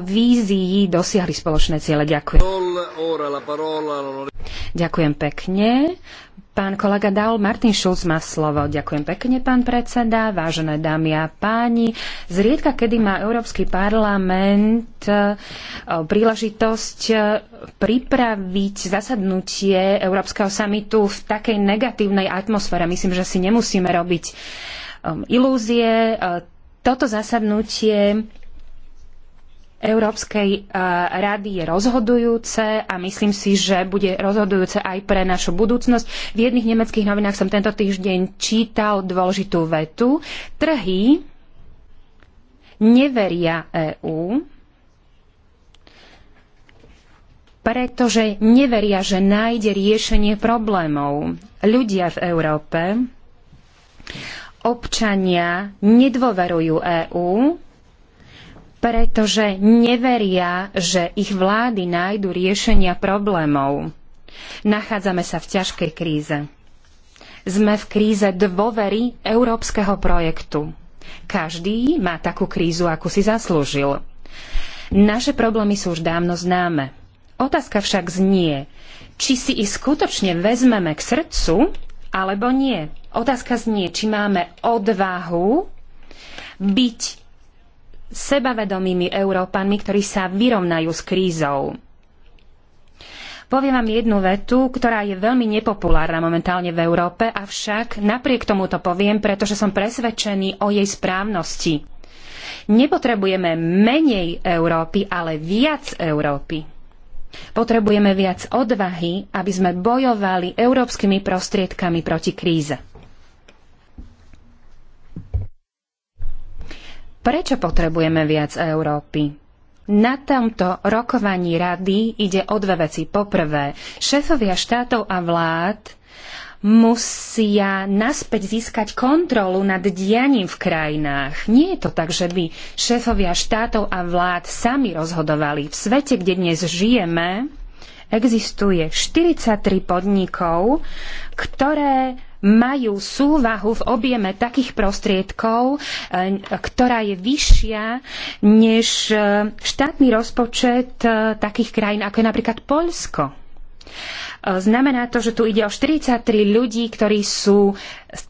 vízií dosiahli spoločné ciele. Ďakujem. Ďakujem pekne. Pán kolega Dal, Martin Schulz má slovo. Ďakujem pekne, pán predseda, vážené dámy a páni. Zriedka, kedy má Európsky parlament e, príležitosť e, pripraviť zasadnutie Európskeho samitu v takej negatívnej atmosfére. Myslím, že si nemusíme robiť e, ilúzie. Toto zasadnutie Európskej e, rady je rozhodujúce a myslím si, že bude rozhodujúce aj pre našu budúcnosť. V jedných nemeckých novinách som tento týždeň čítal dôležitú vetu. Trhy neveria EÚ, pretože neveria, že nájde riešenie problémov. Ľudia v Európe, občania nedôverujú EÚ, pretože neveria, že ich vlády nájdu riešenia problémov. Nachádzame sa v ťažkej kríze. Sme v kríze dôvery európskeho projektu. Každý má takú krízu, ako si zaslúžil. Naše problémy sú už dávno známe. Otázka však znie, či si ich skutočne vezmeme k srdcu, alebo nie. Otázka znie, či máme odvahu byť sebavedomými Európanmi, ktorí sa vyrovnajú s krízou. Poviem vám jednu vetu, ktorá je veľmi nepopulárna momentálne v Európe, avšak napriek tomu to poviem, pretože som presvedčený o jej správnosti. Nepotrebujeme menej Európy, ale viac Európy. Potrebujeme viac odvahy, aby sme bojovali európskymi prostriedkami proti kríze. Prečo potrebujeme viac Európy? Na tomto rokovaní rady ide o dve veci. Poprvé, šéfovia štátov a vlád musia naspäť získať kontrolu nad dianím v krajinách. Nie je to tak, že by šéfovia štátov a vlád sami rozhodovali. V svete, kde dnes žijeme, existuje 43 podnikov, ktoré majú súvahu v objeme takých prostriedkov, e, ktorá je vyššia než e, štátny rozpočet e, takých krajín, ako je napríklad Poľsko. Znamená to, že tu ide o 43 ľudí, ktorí sú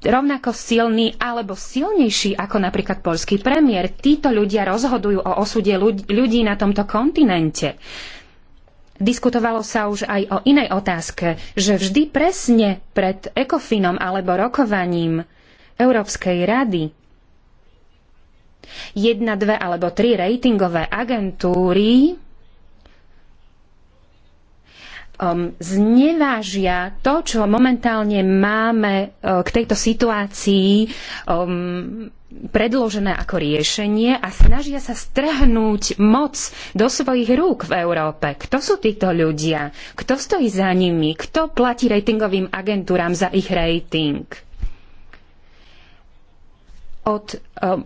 rovnako silní alebo silnejší ako napríklad polský premiér. Títo ľudia rozhodujú o osude ľudí na tomto kontinente. Diskutovalo sa už aj o inej otázke, že vždy presne pred ekofinom alebo rokovaním Európskej rady jedna, dve alebo tri ratingové agentúry um, znevážia to, čo momentálne máme uh, k tejto situácii um, predložené ako riešenie a snažia sa strhnúť moc do svojich rúk v Európe. Kto sú títo ľudia? Kto stojí za nimi? Kto platí ratingovým agentúram za ich rating? Od um,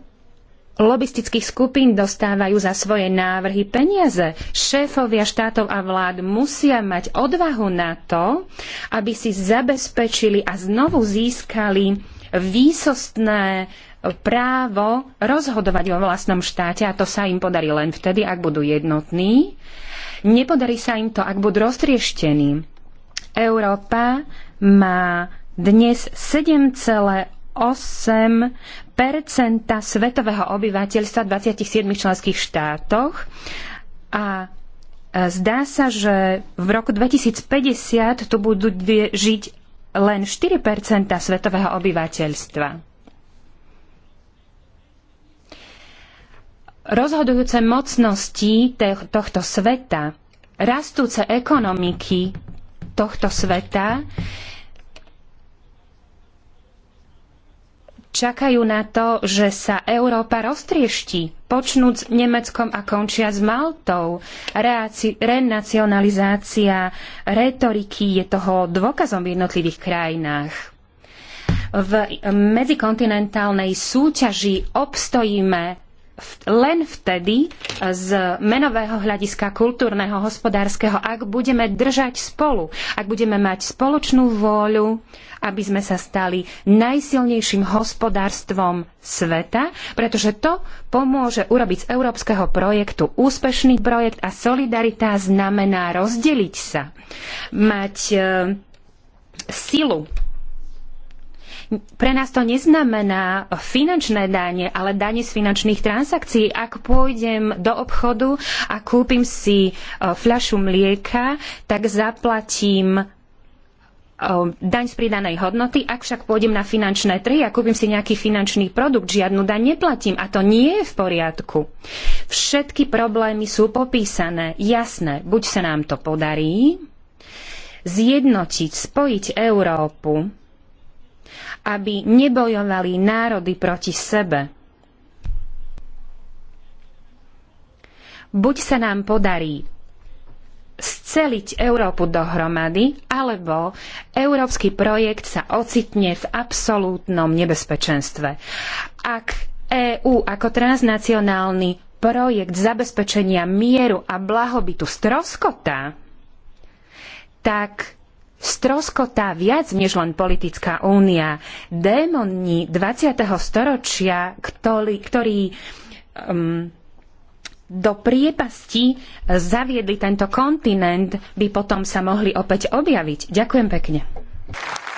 lobistických skupín dostávajú za svoje návrhy peniaze. Šéfovia štátov a vlád musia mať odvahu na to, aby si zabezpečili a znovu získali výsostné právo rozhodovať vo vlastnom štáte a to sa im podarí len vtedy, ak budú jednotní. Nepodarí sa im to, ak budú roztrieštení. Európa má dnes 7,8 svetového obyvateľstva v 27 členských štátoch a e, zdá sa, že v roku 2050 tu budú žiť len 4 svetového obyvateľstva. rozhodujúce mocnosti tohto sveta, rastúce ekonomiky tohto sveta čakajú na to, že sa Európa roztriešti, počnúc Nemeckom a končia s Maltou. Reaci- renacionalizácia retoriky je toho dôkazom v jednotlivých krajinách. V medzikontinentálnej súťaži obstojíme len vtedy z menového hľadiska kultúrneho, hospodárskeho, ak budeme držať spolu, ak budeme mať spoločnú vôľu, aby sme sa stali najsilnejším hospodárstvom sveta, pretože to pomôže urobiť z európskeho projektu úspešný projekt a solidarita znamená rozdeliť sa, mať e, silu pre nás to neznamená finančné dane, ale dane z finančných transakcií. Ak pôjdem do obchodu a kúpim si e, fľašu mlieka, tak zaplatím e, daň z pridanej hodnoty. Ak však pôjdem na finančné trhy a kúpim si nejaký finančný produkt, žiadnu daň neplatím a to nie je v poriadku. Všetky problémy sú popísané. Jasné, buď sa nám to podarí zjednotiť, spojiť Európu aby nebojovali národy proti sebe. Buď sa nám podarí sceliť Európu dohromady, alebo európsky projekt sa ocitne v absolútnom nebezpečenstve. Ak EÚ ako transnacionálny projekt zabezpečenia mieru a blahobytu stroskota, tak stroskotá viac než len politická únia. Démoni 20. storočia, ktorý, ktorí um, do priepasti zaviedli tento kontinent, by potom sa mohli opäť objaviť. Ďakujem pekne.